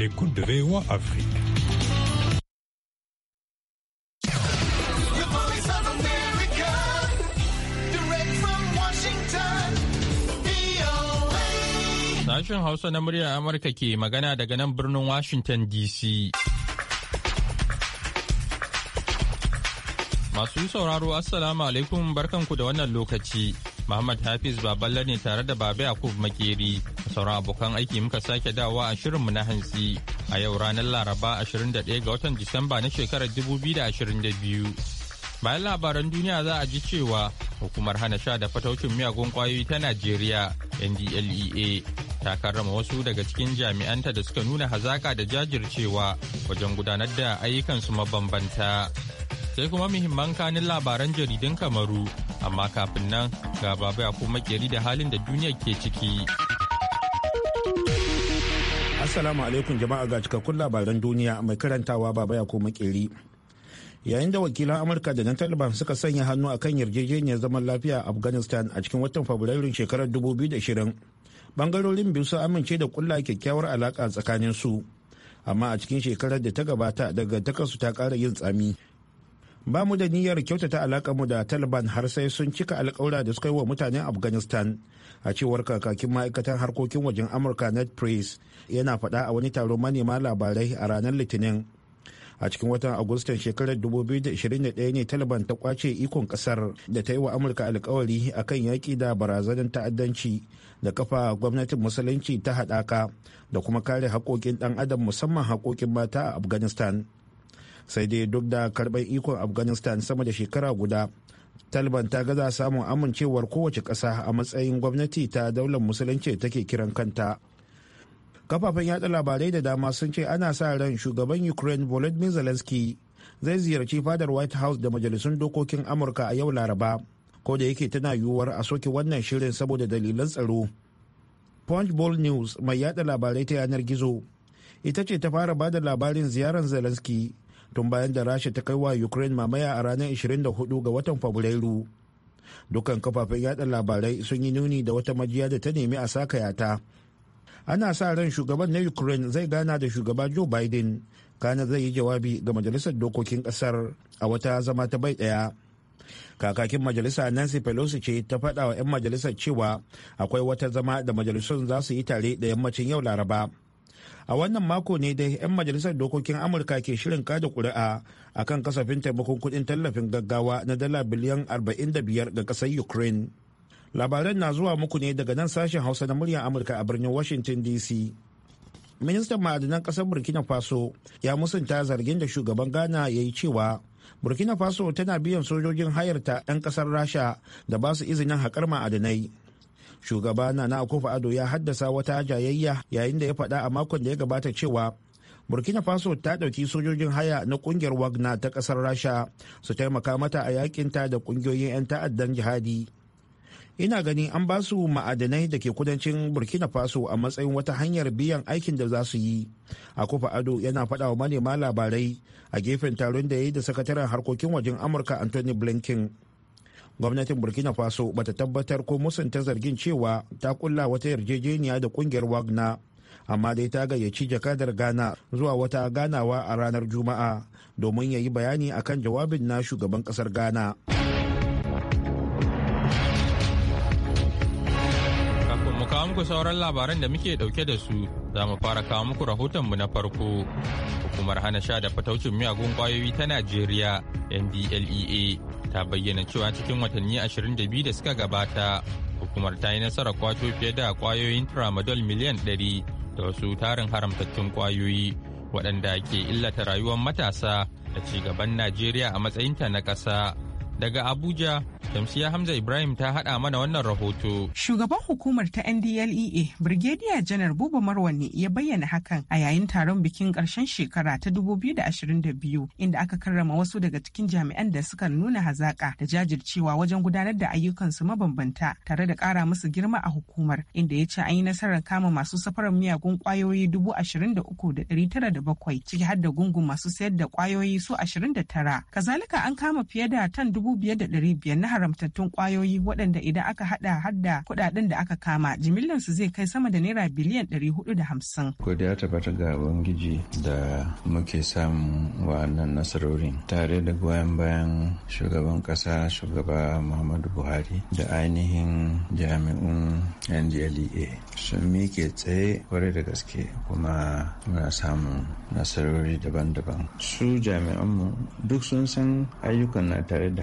l'écoute de VOA Afrique. Sashen Hausa na muryar Amurka ke magana daga nan birnin Washington DC. Masu sauraro, Assalamu alaikum barkanku da wannan lokaci. Muhammad Hafiz Baballe ne tare da Baba Yakub Makeri. Sauran abokan aiki muka sake dawowa a mu na hantsi a yau ranar Laraba 21 ga watan Disamba na shekarar 2022. Bayan labaran duniya za a ji cewa hukumar hana sha da fataucin miyagun kwayoyi ta Najeriya NDLEA ta karrama wasu daga cikin jami'anta da suka nuna hazaka da jajircewa wajen gudanar da ayyukansu mabambanta. sai kuma muhimman kanin labaran jaridun kamaru amma kafin nan ga babu ya kuma keri da halin da duniya ke ciki assalamu alaikum jama'a ga cikakkun labaran duniya mai karantawa baba ya kuma keri yayin da wakilan amurka da na taliban suka sanya hannu a kan yarjejeniyar zaman lafiya a afghanistan a cikin watan fabrairun shekarar 2020 bangarorin biyu sun amince da kulla kyakkyawar alaka tsakanin su amma a cikin shekarar da ta gabata daga takasu ta kara yin tsami ba mu da niyyar kyautata mu da taliban har sai sun cika alƙawura da suka yi wa mutanen afghanistan a cewar kakakin ma'aikatan harkokin wajen amurka net press yana faɗa a wani taron manema labarai a ranar litinin a cikin watan agustan shekarar 2021 ne taliban ta kwace ikon kasar da ta yi wa amurka alkawari a kan yaƙi da barazanar ta'addanci da kafa gwamnatin musulunci ta haɗaka da kuma kare haƙoƙin ɗan adam musamman haƙoƙin mata a afghanistan sai dai duk da karɓar ikon afghanistan sama da shekara guda taliban ta gaza samun amincewar kowace ƙasa a matsayin gwamnati ta daular musulunci take kiran kanta kafafen yada labarai da dama sun ce ana sa ran shugaban ukraine volodymyr zelensky zai ziyarci fadar white house da majalisun dokokin amurka a yau laraba ko da yake tana yiwuwar a soke wannan shirin saboda dalilan tsaro punch ball news mai yada labarai ta yanar gizo ita ce ta fara bada labarin ziyarar zelensky tun bayan da rasha ta kai wa ukraine mamaya a ranar 24 ga watan fabrairu dukkan kafafen yada labarai sun yi nuni da wata majiya da ta nemi a sakayata yata ana sa ran shugaban na ukraine zai gana da shugaba joe biden kana zai yi jawabi ga majalisar dokokin kasar a wata zama ta bai daya kakakin majalisa nancy pelosi ce ta faɗa wa 'yan majalisar cewa akwai wata zama da majalisun za su yi tare da yammacin yau laraba a wannan mako ne dai 'yan majalisar dokokin amurka ke shirin kada kuri'a a kan kasafin taimakon kudin tallafin gaggawa na dala biliyan 45 ga kasar ukraine labaran na zuwa muku ne daga nan sashen hausa na muryar amurka a birnin washington dc ministan ma'adanan kasar burkina faso ya musanta zargin da shugaban ghana ya yi cewa burkina faso tana biyan sojojin hayarta 'yan kasar rasha da ba su izinin haƙar ma'adanai shugaba na akufa ado ya haddasa wata jayayya yayin da ya faɗa a makon da ya gabata cewa burkina faso ta ɗauki sojojin haya na ƙungiyar wagner ta ƙasar rasha su taimaka mata a yakinta da ƙungiyoyin 'yan ta'addan jihadi ina ganin an ba su ma'adanai da ke kudancin burkina faso a matsayin wata hanyar biyan aikin da za su yi a kufa ado yana faɗa wa manema labarai a gefen taron da ya yi da sakataren harkokin wajen amurka anthony blinken gwamnatin burkina faso bata tabbatar ko musanta zargin cewa ta kulla wata yarjejeniya da kungiyar wagna amma dai ta gayyaci jakadar ghana zuwa wata ganawa a ranar juma'a domin ya yi bayani akan jawabin na shugaban kasar ghana muku sauran labaran da muke dauke da su za mu fara kawo muku rahoton mu na farko. Hukumar hana sha da fataucin miyagun kwayoyi ta Najeriya NDLEA ta bayyana cewa cikin watanni 22 da suka gabata hukumar ta yi nasarar kwato fiye da kwayoyin tramadol miliyan 100 da wasu tarin haramtattun kwayoyi waɗanda ke illata rayuwar matasa da ci gaban Najeriya a matsayinta na ƙasa. Daga Abuja, Shamsiya Hamza Ibrahim ta haɗa mana wannan rahoto. Shugaban hukumar ta NDLEA, Brigadier Janar Buba Marwani ya bayyana hakan a yayin taron bikin ƙarshen shekara ta 2022 inda aka karrama wasu daga cikin jami'an da suka nuna hazaƙa da jajircewa wajen gudanar da ayyukansu mabambanta tare da ƙara musu girma a hukumar inda ya ce an yi nasarar kama masu safarar miyagun ƙwayoyi bakwai, ciki har da gungun masu sayar da ƙwayoyi su ashirin da tara, Kazalika an kama fiye da tan dubu biyar na haramtattun kwayoyi waɗanda idan aka hada hadda kuɗaɗen da aka kama su zai kai sama da naira biliyan 450. Ko da ya tabbata ga Ubangiji da muke samu wa wa'annan nasarorin tare da goyon bayan shugaban ƙasa shugaba Muhammadu Buhari da ainihin jami'un NDLEA sun mike tsaye kware da gaske kuma muna samun nasarori daban-daban. Su jami'anmu duk sun san ayyukan na tare da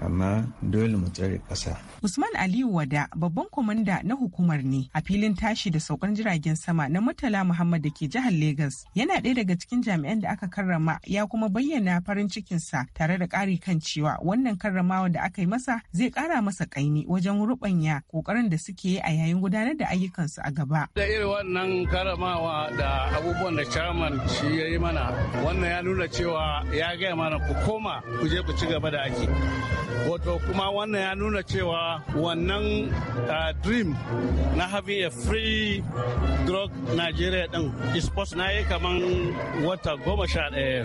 amma dole mu tsare kasa. Usman Aliyu Wada babban kwamanda na hukumar ne a filin tashi da saukar jiragen sama na Murtala Muhammad da ke jihar Legas yana ɗaya daga cikin jami'an da aka karrama ya kuma bayyana farin cikinsa tare da ƙari kan cewa wannan karramawa da aka yi masa zai ƙara masa ƙaini wajen rubanya ƙoƙarin da suke yi a yayin gudanar da ayyukansu a gaba. Da irin wannan karramawa da abubuwan da chairman shi ya yi mana wannan ya nuna cewa ya gaya mana ku koma ku je ku ci gaba da aiki wato kuma wannan ya nuna cewa wannan ah, dream na having a free drug nigeria din is na yi kamar wata goma sha ɗaya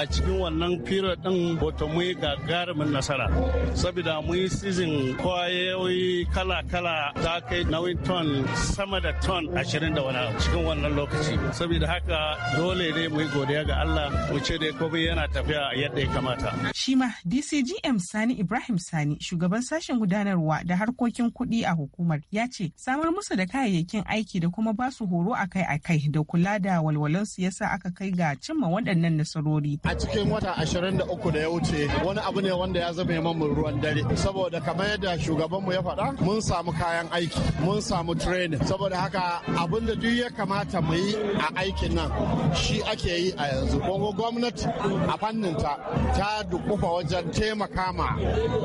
a cikin wannan period din wato mu yi gagarumin nasara saboda mu yi season kwayoyi kala-kala ta kai nauyin ton sama da ton ashirin da wani cikin wannan lokaci saboda haka dole ne mu yi godiya ga allah mu ce dai komai yana tafiya yadda ya kamata shi ma dcg PM sani ibrahim sani shugaban sashen gudanarwa da harkokin kuɗi a hukumar ya ce samar musu da kayayyakin aiki da kuma ba su horo akai-akai da kula da walwalansu ya sa aka kai ga cimma waɗannan nasarori a cikin wata ashirin da uku da ya wuce wani abu ne wanda ya zama mamun ruwan dare saboda kamar yadda shugabanmu ya faɗa mun samu kayan aiki mun samu training saboda haka abin da duk ya kamata mu yi a aikin nan shi ake yi a yanzu gwamnati a fanninta ta ta dukufa wajen taimaka kama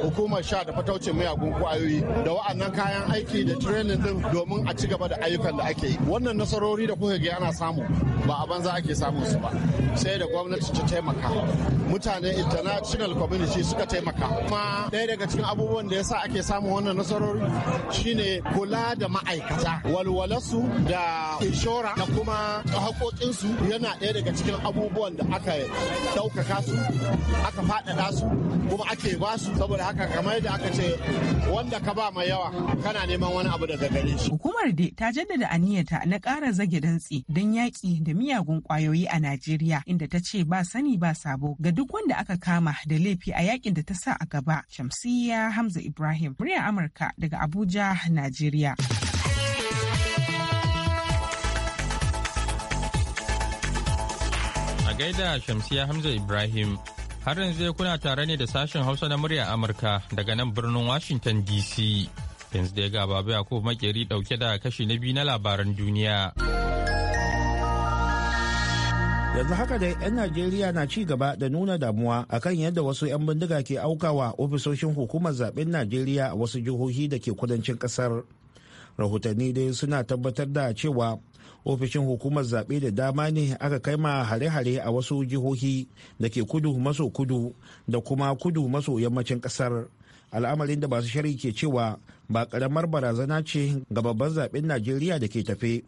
hukumar sha da fataucin miyagun kwayoyi da wa'annan kayan aiki da training din domin a ci gaba da ayyukan da ake yi wannan nasarori da kuka ga ana samu ba a banza ake samun su ba sai da gwamnati ta taimaka mutane international community suka taimaka kuma ɗaya daga cikin abubuwan da yasa ake samun wannan nasarori shine kula da ma'aikata walwalarsu da inshora da kuma haƙoƙinsu yana ɗaya daga cikin abubuwan da aka ɗaukaka su aka faɗaɗa su kuma ake ba su saboda haka kamar da aka ce wanda ka ba mai yawa kana neman wani abu daga gare shi hukumar da ta jaddada aniyarta na ƙara zage dantsi don yaƙi da miyagun ƙwayoyi a najeriya inda ta ce ba sani ba sabo ga duk wanda aka kama da laifi a yakin da ta sa a gaba. Shamsiyya Hamza Ibrahim, murya Amurka daga Abuja, Najeriya. A gaida shamsiya Hamza Ibrahim, har yanzu kuna tare ne da sashen Hausa na muryar Amurka daga nan birnin Washington DC. Yanzu da ya gaba ko Makeri dauke da kashi na biyu na labaran duniya. yanzu haka dai 'yan najeriya na ci gaba da nuna damuwa akan yadda wasu 'yan bindiga ke aukawa ofisoshin hukumar zaben najeriya a wasu jihohi da ke kudancin kasar rahotanni dai suna tabbatar da cewa ofishin hukumar zaɓe da dama ne aka kai ma hare-hare a wasu jihohi da ke kudu maso kudu da kuma kudu maso yammacin ƙasar al'amarin da masu shari ke cewa ba ƙaramar barazana ce ga babban zaɓen najeriya da ke tafe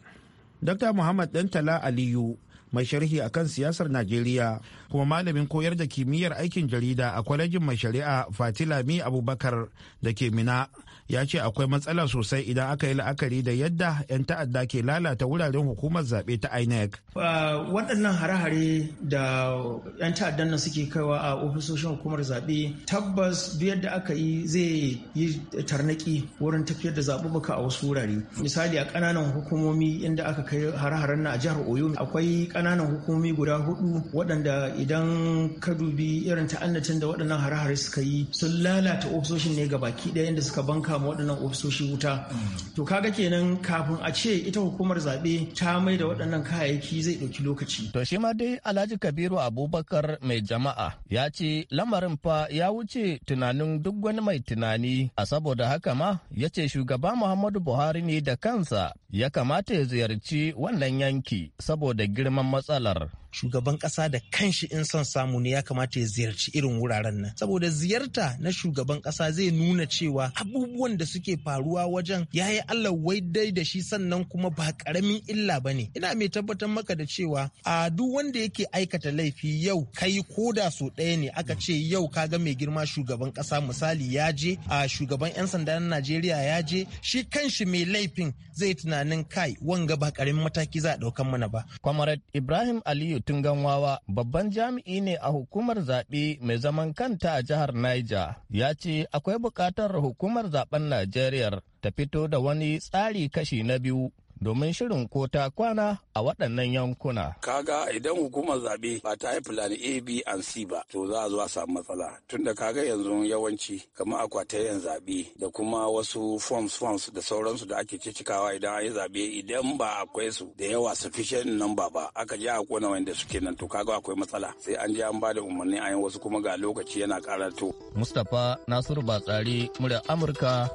dr muhammad dantala aliyu mai sharhi a kan siyasar Najeriya kuma malamin koyar da kimiyyar aikin jarida a kwalejin mai shari'a Fatilami Abubakar da ke Mina ya ce akwai matsala sosai idan aka yi la'akari da yadda 'yan ta'adda ke lalata wuraren hukumar zaɓe ta inec uh, waɗannan hare-hare da 'yan ta'addan nan suke kaiwa a ofisoshin hukumar zaɓe tabbas duk yadda aka yi zai yi tarnaki wurin tafiyar da zaɓuɓɓuka a wasu wurare misali a ƙananan hukumomi inda aka kai hare-haren na a jihar oyo akwai ƙananan hukumomi guda hudu waɗanda idan ka dubi irin ta'annatin da waɗannan hare-hare suka yi sun lalata ofisoshin ne gabaki ɗaya inda suka banka kama waɗannan ofisoshi wuta mm. to kaga kenan kafin a ce ita hukumar zaɓe ta mai da waɗannan kayayyaki zai ɗauki lokaci to shi ma dai alhaji kabiru abubakar mai jama'a ya ce lamarin fa ya wuce tunanin duk wani mai tunani a saboda haka ma ya ce shugaba muhammadu buhari ne da kansa ya kamata ya ziyarci wannan yanki saboda girman matsalar shugaban kasa da kanshi in son samu ne ya kamata ya ziyarci irin wuraren nan saboda ziyarta na shugaban kasa zai nuna cewa abubuwan da suke faruwa wajen ya yi allah dai da shi sannan kuma ba karamin illa ba ne ina mai tabbatar maka da cewa a duk wanda yake aikata laifi yau kai ko da so ɗaya ne aka ce yau kaga mai girma shugaban kasa misali ya je a shugaban 'yan sanda na najeriya ya je shi kanshi mai laifin zai tunanin kai wanga ba karamin mataki za a ɗaukan mana ba. Kwamarat Ibrahim Aliyu Tungan ganwawa babban jami'i ne a hukumar zaɓe mai zaman kanta a jihar Niger ya ce akwai buƙatar hukumar zaben Najeriya ta fito da wani tsari kashi na biyu domin shirin ko ta kwana a waɗannan yankuna. Kaga idan hukumar zaɓe ba ta yi fulani A, B, and C ba, to za a zo a samu matsala. Tunda kaga yanzu yawanci kamar akwatayen zaɓe da kuma wasu forms forms da sauransu da ake cikawa idan an yi zaɓe idan ba akwai su da yawa sufficient number ba aka je a kona wanda suke nan to kaga akwai matsala sai an je an ba da umarni a wasu kuma ga lokaci yana karato. Mustapha Nasiru Batsari murya Amurka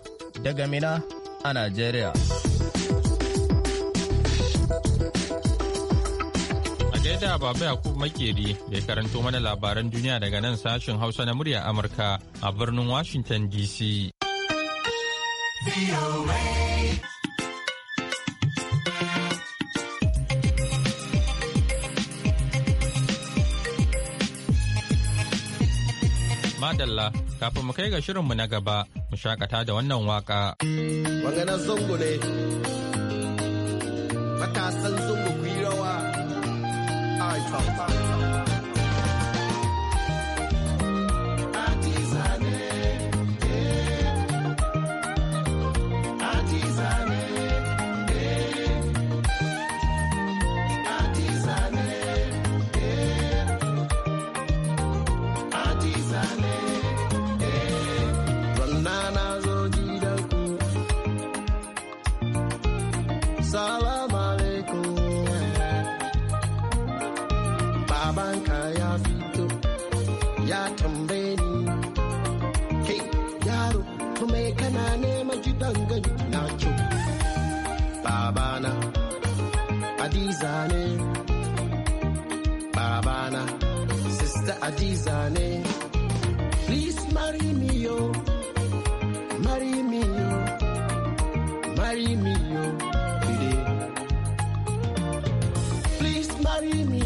daga Mina a Najeriya. da Baba Yakub Makeri da ya karanto mana labaran duniya daga nan sashen Hausa na murya Amurka a birnin Washington DC. Madalla kafin mu kai ga shirin mu na gaba mu shakata da wannan waka. Maganar zango ne, matasan Papa. 一年。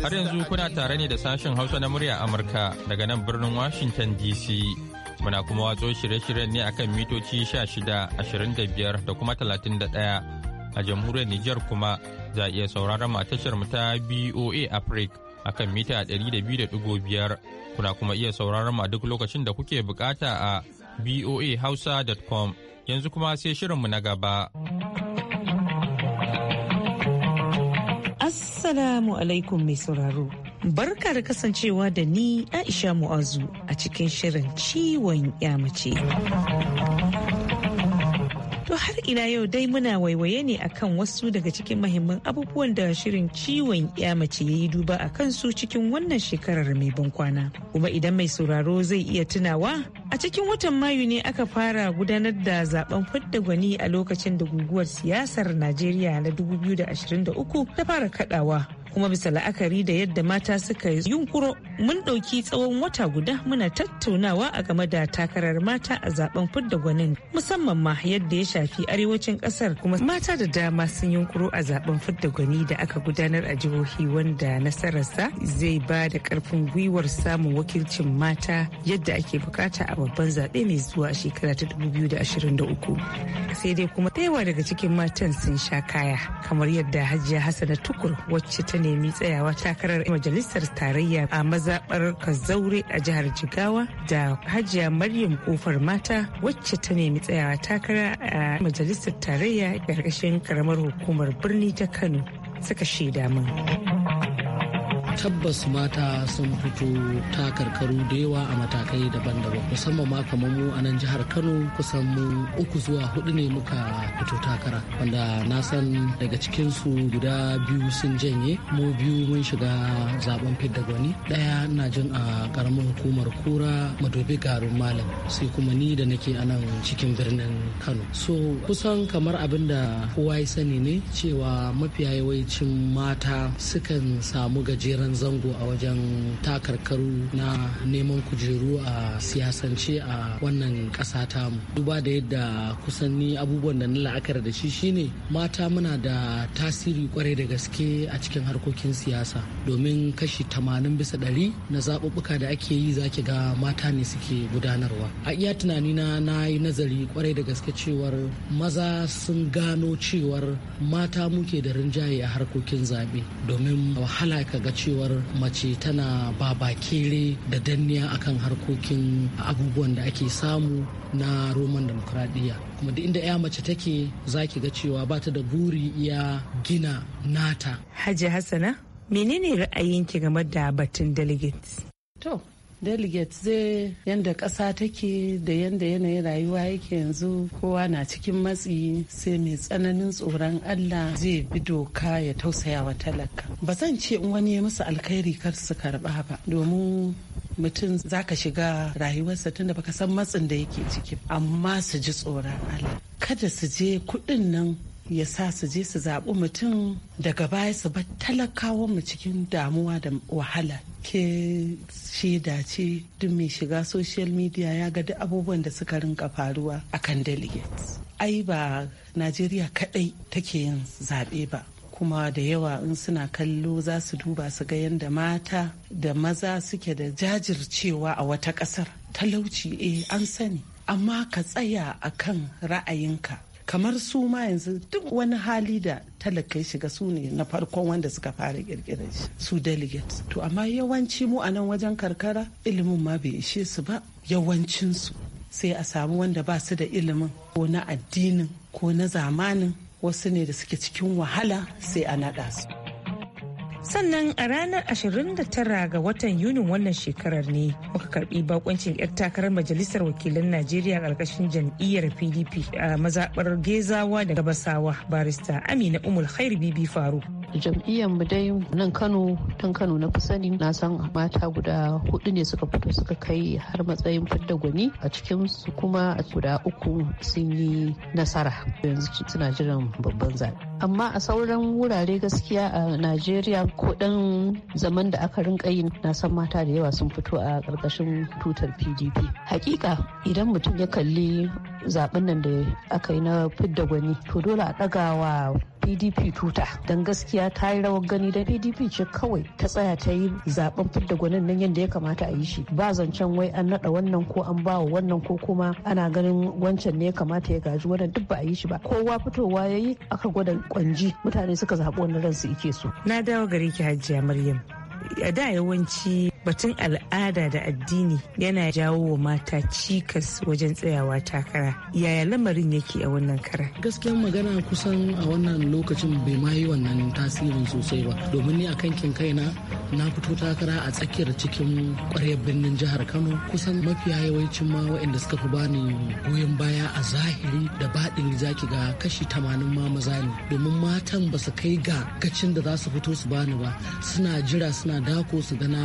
Har yanzu kuna tare ne da sashen Hausa na murya Amurka daga nan birnin Washington DC. Muna kuma watso shirye-shiryen ne akan mitoci 16, 25 da kuma 31 a jamhuriyar Nijar kuma za a iya sauraron tashar mu ta BOA Africa akan mita 200.5 kuna kuma iya sauraron mu a duk lokacin da kuke bukata a boahausa.com yanzu kuma sai shirinmu na gaba. Assalamu alaikum mai sauraro. Barka da kasancewa da ni Aisha Mu'azu a cikin shirin ciwon ya mace. har ina yau dai muna waiwaye ne akan wasu daga cikin mahimman abubuwan da shirin ciwon ya mace ya yi duba a kansu cikin wannan shekarar mai ban kwana. Kuma idan mai sauraro zai iya tunawa a cikin watan Mayu ne aka fara gudanar da zaben fadda gwani a lokacin da guguwar siyasar Najeriya na 2023 ta fara kadawa kuma bisa la'akari da yadda mata suka yi yunkuro mun ɗauki tsawon wata guda muna tattaunawa a game da takarar mata a zaben fidda gwanin musamman ma yadda ya shafi arewacin ƙasar kuma mata da dama sun yunkuro a zaben fidda gwani da aka gudanar a jihohi wanda nasararsa zai ba da ƙarfin gwiwar samun wakilcin mata yadda ake bukata a babban zaɓe mai zuwa shekara ta 2023 sai dai kuma da daga cikin matan sun sha kaya kamar yadda hajiya hassana tukur wacce ta nemi tsayawa takarar majalisar tarayya a mazaɓar kazaure a jihar jigawa da hajiya maryam kofar mata wacce ta nemi tsayawa takara a majalisar tarayya ƙarƙashin karamar hukumar birni ta kano suka shaida min. tabbas mata sun fito ta karkaru da yawa a matakai daban-daban musamman ma kamar mu a nan jihar kano kusan mu uku zuwa hudu ne muka fito takara wanda na san daga cikinsu guda biyu sun janye mu biyu mun shiga zaben fidda gwani daya na jin a karamin hukumar kura madobi garin malam sai kuma ni da nake a nan cikin birnin kano so kusan kamar abin da kowa ya sani ne cewa mafiya yawancin mata sukan samu gajeren gajeren zango a wajen takarkaru na neman kujeru a siyasance a wannan ƙasa tamu duba da yadda kusan ni abubuwan da na la'akar da shi shine mata muna da tasiri kwarai da gaske a cikin harkokin siyasa domin kashi 80 bisa ɗari na zaɓuɓɓuka da ake yi zaki ga mata ne suke gudanarwa a iya tunanina na yi nazari kwarai da gaske cewar maza sun gano cewar mata muke da rinjaye a harkokin zaɓe domin wahala ka ga cewa cewar mace tana babakere da danniya akan harkokin abubuwan da ake samu na roman demokradiyya kuma da inda 'ya mace take za ki ga cewa ba ta da buri ya gina nata hajji hassana menene ra'ayinki game da batun delegates to delegate zai yadda ƙasa take da yadda yanayin rayuwa yake yanzu kowa na cikin matsi sai mai tsananin tsoron allah zai bi doka ya tausaya wa talaka ba zan ce in wani ya musu alkhairi kar su karba ba domin mutum za ka shiga rayuwarsa tunda baka san matsin da yake ciki amma su ji tsoron allah kada su je kuɗin nan ya sa su je su zaɓi mutum daga baya su bar talakawa mu cikin damuwa da wahala ke shaida ce duk mai shiga social media ya ga duk abubuwan da suka rinka faruwa a kan delegates ai ba najeriya kaɗai take yin zaɓe ba kuma da yawa in suna kallo za su duba su ga yadda mata da maza suke da jajircewa a wata ƙasar talauci eh an sani amma ka tsaya akan ra'ayinka kamar su ma yanzu duk wani hali da talakai shiga su ne na farkon wanda suka fara kirkirar shi su delegates to amma yawanci mu a nan wajen karkara ilimin ma bai ishe su ba yawancinsu sai a samu wanda ba su da ilimin ko na addinin ko na zamanin wasu ne da suke cikin wahala sai a naɗa su sannan a ranar 29 ga watan yunin wannan shekarar ne muka karbi bakoncin 'yar takarar majalisar wakilan najeriya karkashin jam'iyyar pdp a mazaɓar gezawa da gabasawa barista amina umul khair bibi faru jam'iyyar mu dai nan kano tun kano na fi sani na san mata guda hudu ne suka fito suka kai har matsayin fidda gwani a cikin su kuma guda uku sun yi nasara yanzu suna jiran babban zaɓe amma a sauran wurare gaskiya a najeriya ko dan zaman da aka rinka yin na san mata da yawa sun fito a ƙarƙashin tutar pdp hakika idan mutum ya kalli zaben nan da aka yi na fidda gwani to dole a ɗaga wa pdp tuta don gaskiya ta yi rawar gani da pdp ce kawai ta tsaya ta yi zaben fidda gwanin nan yadda ya kamata a yi shi ba zancen wai an naɗa wannan ko an bawa wannan ko kuma ana ganin wancan ne ya kamata ya gaji wannan duk ba a yi shi ba kowa fitowa ya yi aka gwada kwanji mutane suka zaɓi wani ransu ike so. na dawo gare ki hajiya maryam a da yawanci batun al'ada da addini yana jawo wa mata cikas wajen tsayawa takara yaya lamarin yake a wannan kara gaskiyar magana kusan a wannan lokacin bai ma yi wannan tasirin sosai ba domin ni a kankin kaina na fito takara a tsakiyar cikin kwaryar birnin jihar kano kusan mafiya yawancin ma waɗanda suka fi bani goyon baya a zahiri da baɗin zaki ga kashi tamanin ma maza ne domin matan ba su kai ga gacin da za su fito su bani ba suna jira suna dako su gana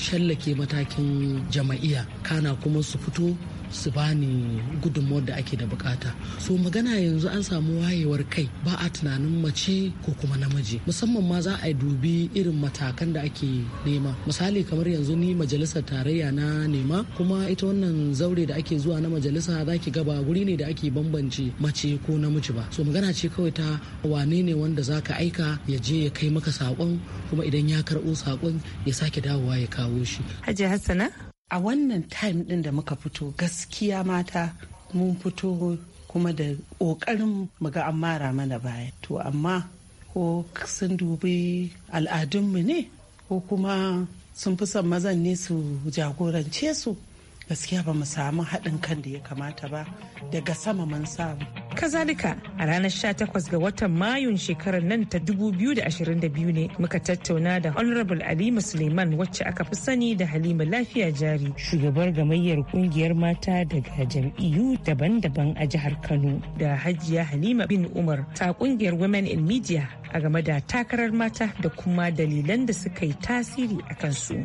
shallake matakin jama'iya kana kuma su fito su bani gudunmuwar da ake da bukata so magana yanzu an samu wayewar kai ba a tunanin mace ko kuma namiji musamman ma za a dubi irin matakan da ake nema misali kamar yanzu ni majalisar tarayya na nema kuma ita wannan zaure da ake zuwa na majalisa za ki gaba wuri ne da ake bambance mace ko namiji ba so magana ce kawai ta wane ne wanda za ka aika ya je ya kai maka saƙon kuma idan ya karɓo saƙon ya sake dawowa ya kawo shi. Hajji Hassana? a wannan time din da muka fito gaskiya mata mun fito kuma da ƙoƙarin muga an mara mana baya to amma ko sun dubi al'adunmu ne ko kuma sun fi son mazan ne su jagorance su gaskiya ba mu samu haɗin kan da ya kamata ba daga sama mun samu. Kazalika a ranar 18 ga watan Mayun shekarar nan ta 2022 ne muka tattauna da Honorable alima Suleiman wacce aka fi sani da Halima Lafiya Jari. Shugabar gamayyar kungiyar mata daga jam'iyyu daban-daban a jihar Kano da Hajiya Halima bin Umar ta kungiyar Women in Media a game da takarar mata da kuma dalilan da suka yi tasiri a kansu.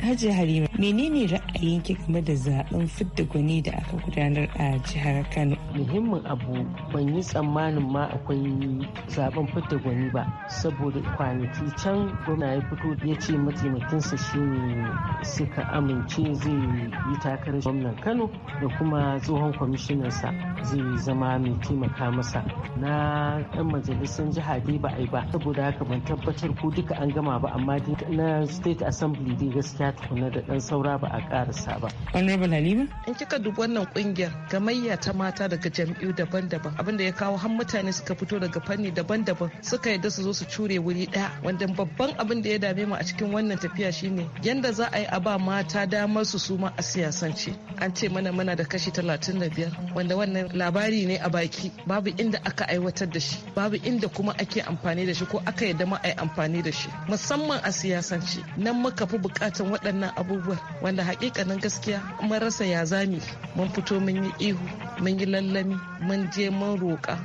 Hajji Halima, menene ra'ayinki game da zaben fidda gwani da aka gudanar a jihar Kano? Muhimmin abu ban yi tsammanin ma akwai zaben fidda gwani ba, saboda kwanaki can gwamna ya fito ya ce mataimakinsa shi ne suka amince zai yi takarar gwamnan Kano da kuma tsohon kwamishinansa zai zama mai taimaka masa. Na ɗan majalisar jiha dai ba a yi ba, saboda haka ban tabbatar ko duka an gama ba amma na state assembly dai gaskiya gida tukuna da dan saura ba a karasa ba. Honorable Halima? In kika dubi wannan kungiyar gamayya ta mata daga jam'iyyu daban-daban abinda ya kawo har mutane suka fito daga fanni daban-daban suka yadda su zo su cure wuri daya wanda babban abin da ya dame mu a cikin wannan tafiya shine yanda za a yi a ba mata damar su suma a siyasance an ce mana mana da kashi talatin da biyar wanda wannan labari ne a baki babu inda aka aiwatar da shi babu inda kuma ake amfani da shi ko aka yadda ma a yi amfani da shi musamman a siyasance nan muka fi bukatan waɗannan abubuwan wanda hakikanin gaskiya mun rasa ya zami mun fito mun yi ihu mun yi lallami mun je mun roƙa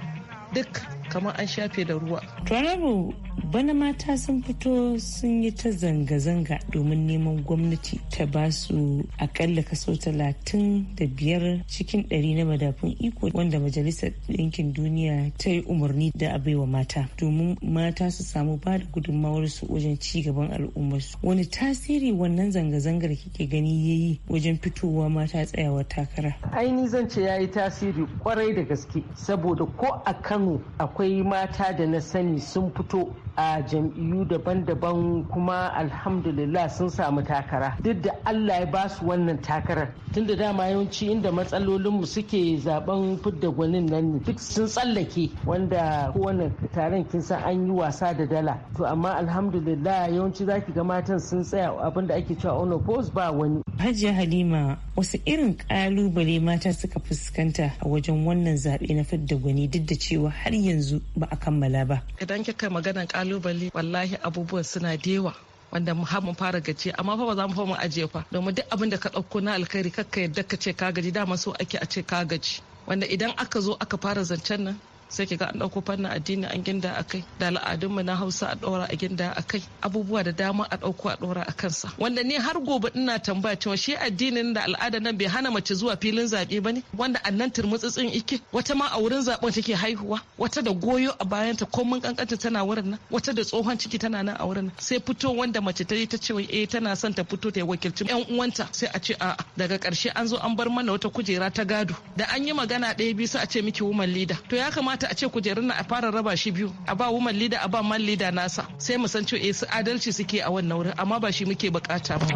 duk kamar an shafe da ruwa. Turaru bana mata sun fito sun yi ta zanga-zanga domin neman gwamnati ta ba su akalla kaso talatin da biyar cikin ɗari na madafun iko wanda majalisar ɗinkin duniya ta yi umarni da abaiwa mata domin mata su samu ba da su wajen ci gaban al'ummarsu. Wani tasiri wannan zanga-zangar kike gani ya yi wajen fitowa mata tsayawar takara? Aini zance ce ya yi tasiri kwarai da gaske saboda ko a Kano akwai akwai mata da na sani sun fito a jam'iyyu daban-daban kuma alhamdulillah sun samu takara duk da allah ya ba su wannan takarar tun da dama yawanci inda matsalolinmu suke zaben fidda gwanin nan ne duk sun tsallake wanda kowane taron kin san an yi wasa da dala to amma alhamdulillah yawanci zaki ga matan sun tsaya abin da ake cewa onopos ba wani hajiya halima wasu irin kalubale mata suka fuskanta a wajen wannan zaɓe na fidda gwani duk da cewa har yanzu yanzu ba a kammala ba idan kika magana kalubale wallahi abubuwan suna dewa wanda mu mun fara gaji amma fa ba za mu fa mu ajiye fa domin duk abin da ka dauko na alkhairi kakka yadda ka ce ka gaji dama so ake a ce ka gaji wanda idan aka zo aka fara zancen nan sai ki ga an ɗauko fannin addini an ginda a kai da al'adunmu na hausa a ɗora a ginda a kai abubuwa da dama a ɗauko a ɗora a kansa wanda ni har gobe ina tambaya cewa shi addinin da al'ada nan bai hana mace zuwa filin zaɓe ba ne wanda annan turmutsutsun ike wata ma a wurin zaɓen take haihuwa wata da goyo a bayanta komin kankanta tana wurin nan wata da tsohon ciki tana nan a wurin sai fito wanda mace ta yi ta ce eh tana son ta fito ta wakilci yan uwanta sai a ce a'a daga ƙarshe an zo an bar mana wata kujera ta gado da an yi magana ɗaya biyu sai a ce miki woman leader to ya kamata kamata a ce kujerun na a fara raba shi biyu a ba woman leader a ba man leader nasa sai mu san cewa eh, su adalci suke a wannan wurin amma ba shi muke bukata ba.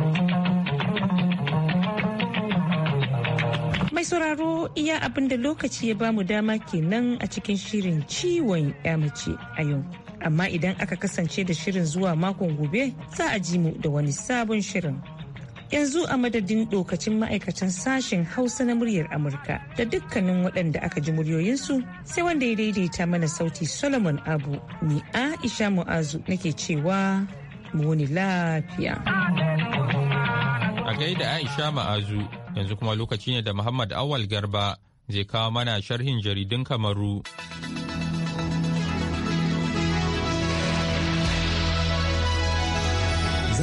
mai sauraro iya abin da lokaci ya ba mu dama kenan a cikin shirin ciwon ya mace a yau amma idan aka kasance da shirin zuwa makon gobe za a ji mu da wani sabon shirin yanzu a madadin dokacin ma'aikatan sashen hausa na muryar amurka da dukkanin waɗanda aka ji muryoyinsu sai wanda ya daidaita mana sauti solomon abu ni aisha mu'azu nake cewa muni lafiya a gaida aisha ma'azu yanzu kuma lokaci ne da muhammad awal garba zai kawo mana sharhin jaridun kamaru.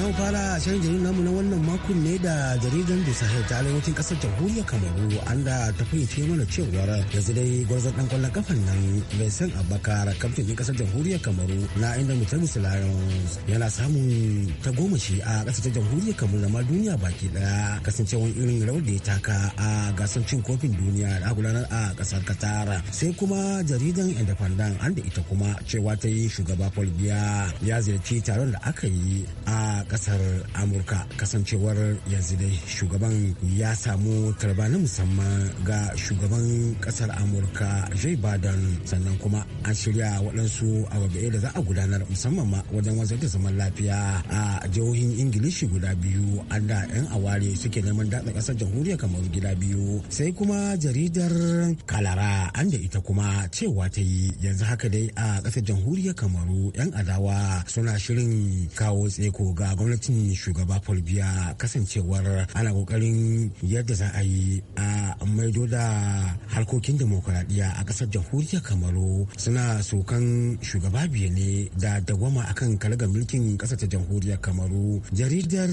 za mu fara shirin jaridar namu na wannan makon ne da jaridar da sahel ta arewacin kasar jamhuriyar kamaru an da ta ce mana cewar yanzu dai gwarzon dan kwallon kafan nan mai san a kamfin din kasar jamhuriyar kamaru na inda mutumus lions yana samun ta goma shi a kasar jamhuriyar kamaru da ma duniya baki daya kasancewar irin rawar da ya taka a gasar cin kofin duniya da gudanar a kasar qatar sai kuma jaridan independent an da ita kuma cewa ta yi shugaba paul biya ya ziyarci taron da aka yi a kasar amurka kasancewar yanzu dai shugaban ya samu tarba na musamman ga shugaban kasar amurka jay biden sannan kuma an shirya waɗansu ababe da za a gudanar musamman ma wajen wajen da zaman lafiya a jihohin ingilishi guda biyu an da 'yan aware suke neman daɗa ƙasar jamhuriyar kamar gida biyu sai kuma jaridar kalara an da ita kuma cewa ta yi yanzu haka dai a ƙasar jamhuriyar kamaru 'yan adawa suna shirin kawo tseko ga gwamnatin shugaba Paul Biya kasancewar ana kokarin yadda za a yi a maido da harkokin demokuraɗiyya a ƙasar jamhuriyar Kamaru suna sokan shugaba biya ne da dawama akan kalaga mulkin ƙasar ta jamhuriyar Kamaru. Jaridar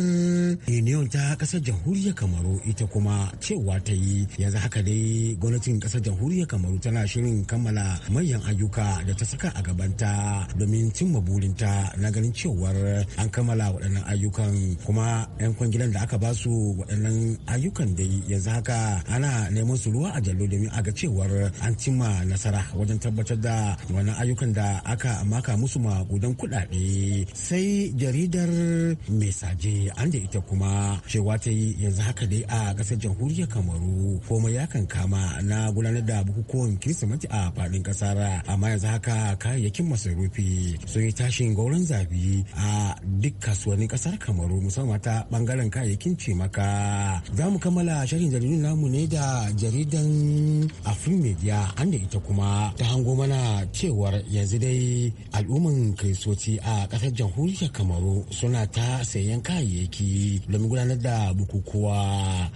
Union ta ƙasar jamhuriyar Kamaru ita kuma cewa ta yi yanzu haka dai gwamnatin ƙasar jamhuriyar Kamaru tana shirin kammala manyan ayyuka da ta saka a gabanta domin cimma burinta na ganin cewar an kammala waɗannan waɗannan ayyukan kuma 'yan kwangilan da aka ba su waɗannan ayyukan da yanzu haka ana neman su ruwa a jallo domin a ga cewar an cimma nasara wajen tabbatar da wannan ayyukan da aka maka musu magudan kuɗaɗe sai jaridar mesaje an da ita kuma cewa ta yi yanzu haka dai a ƙasar jamhuriyar kamaru komai ya kan kama na gudanar da bukukuwan kirsimeti a faɗin ƙasar amma yanzu haka kayayyakin masarufi sun yi tashin gauran zabi a duk kasuwannin kasar kamaru musamman ta bangaren kayayyakin cimaka za mu kammala shirin jaridun namu ne da jaridan afri media an ita kuma ta hango mana cewar yanzu dai al'umman kiristoci a kasar jamhuriyar kamaru suna ta sayan kayayyaki domin gudanar da bukukuwa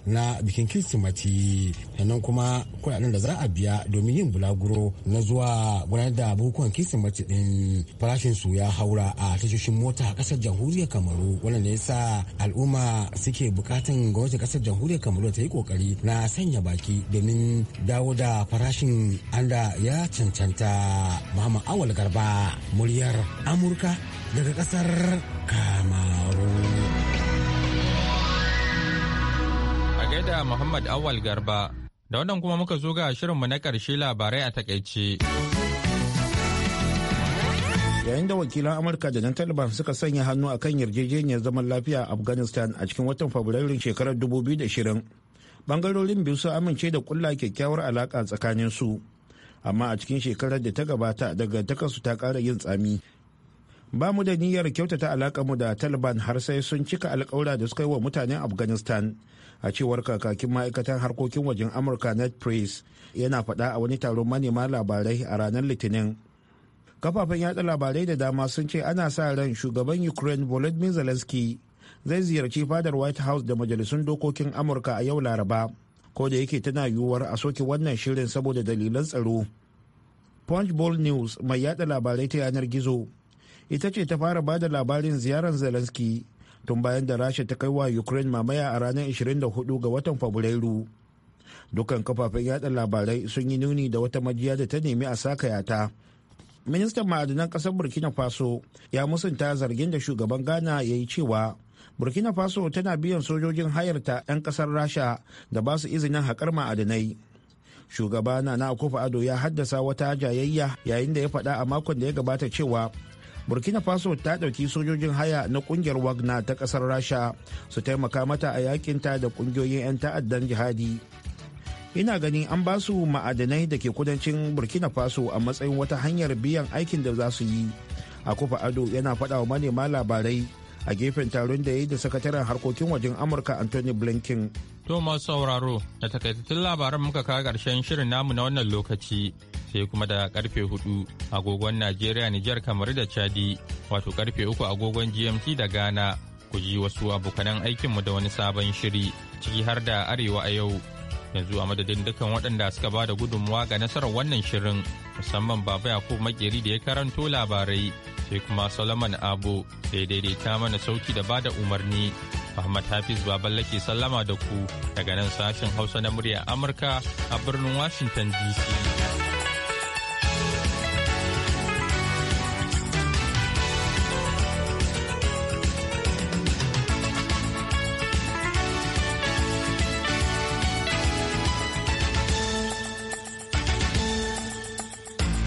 na bikin kirsimati sannan kuma kuɗaɗen da za a biya domin yin bulaguro na zuwa gudanar da bukukuwan kirsimati din farashin su ya haura a tashoshin mota a kasar jamhuriyar kamaru faru wannan ne yasa al'umma suke bukatan gwamnatin kasar jamhuriyar kamaru ta yi kokari na sanya baki domin dawo da farashin anda ya cancanta mama awal garba muryar amurka daga kasar kamaru a gaida muhammad awal garba da wannan kuma muka zo ga shirinmu na ƙarshe labarai a takaice. yayin da wakilan amurka da na taliban suka sanya hannu a kan yarjejeniyar zaman lafiya a afghanistan a cikin watan fabrairun shekarar 2020 bangarorin biyu sun amince da kulla kyakkyawar alaka tsakanin su amma a cikin shekarar da ta gabata daga su ta kara yin tsami ba mu da niyyar kyautata mu da taliban har sai sun cika alkawura da suka yi wa mutanen afghanistan a cewar kakakin ma'aikatan harkokin wajen amurka net press yana faɗa a wani taron manema labarai a ranar litinin kafafen yatsa labarai da dama sun ce ana sa ran shugaban ukraine volodymyr zelensky zai ziyarci fadar white house da majalisun dokokin amurka a yau laraba ko da yake tana yiwuwar a soke wannan shirin saboda dalilan tsaro punch punchbowl news mai yada labarai ta yanar gizo ita ce ta fara bada labarin ziyarar zelensky tun bayan da rasha ta kai wa ukraine mamaya a ranar 24 ga watan fabrairu dukkan kafafen yada labarai sun yi nuni da wata majiya da ta nemi a sakayata ta ministan Ma'adinan kasar burkina faso ya musanta zargin da shugaban ghana ya yi cewa burkina faso tana biyan sojojin hayarta 'yan kasar rasha da ba su izinin haƙar ma'adinai shugaba na akufa ado ya haddasa wata jayayya yayin da ya faɗa a makon da ya gabata cewa burkina faso ta ɗauki sojojin haya na ƙungiyar Wagna ta ƙasar rasha su taimaka mata a yakinta da ƙungiyoyin 'yan ta'addan jihadi ina ganin an ba su ma'adanai da ke kudancin burkina faso a matsayin wata hanyar biyan aikin da za su yi a kufa ado yana faɗa wa manema labarai a gefen taron da ya yi da sakataren harkokin wajen amurka anthony blinken to masu sauraro da takaitattun labaran muka kawo karshen shirin namu na wannan lokaci sai kuma da karfe hudu agogon najeriya nijar kamar da chadi wato karfe uku agogon gmt da ghana ku ji wasu abokanan aikinmu da wani sabon shiri ciki har da arewa a yau yanzu a madadin dukkan waɗanda suka ba da gudunmuwa ga nasarar wannan shirin musamman baba yakub makeri da ya karanto labarai sai kuma solomon abu da ya daidaita mana sauki da bada umarni ahmad hafiz baballa ke sallama da ku daga nan sashen hausa na murya amurka a birnin washington dc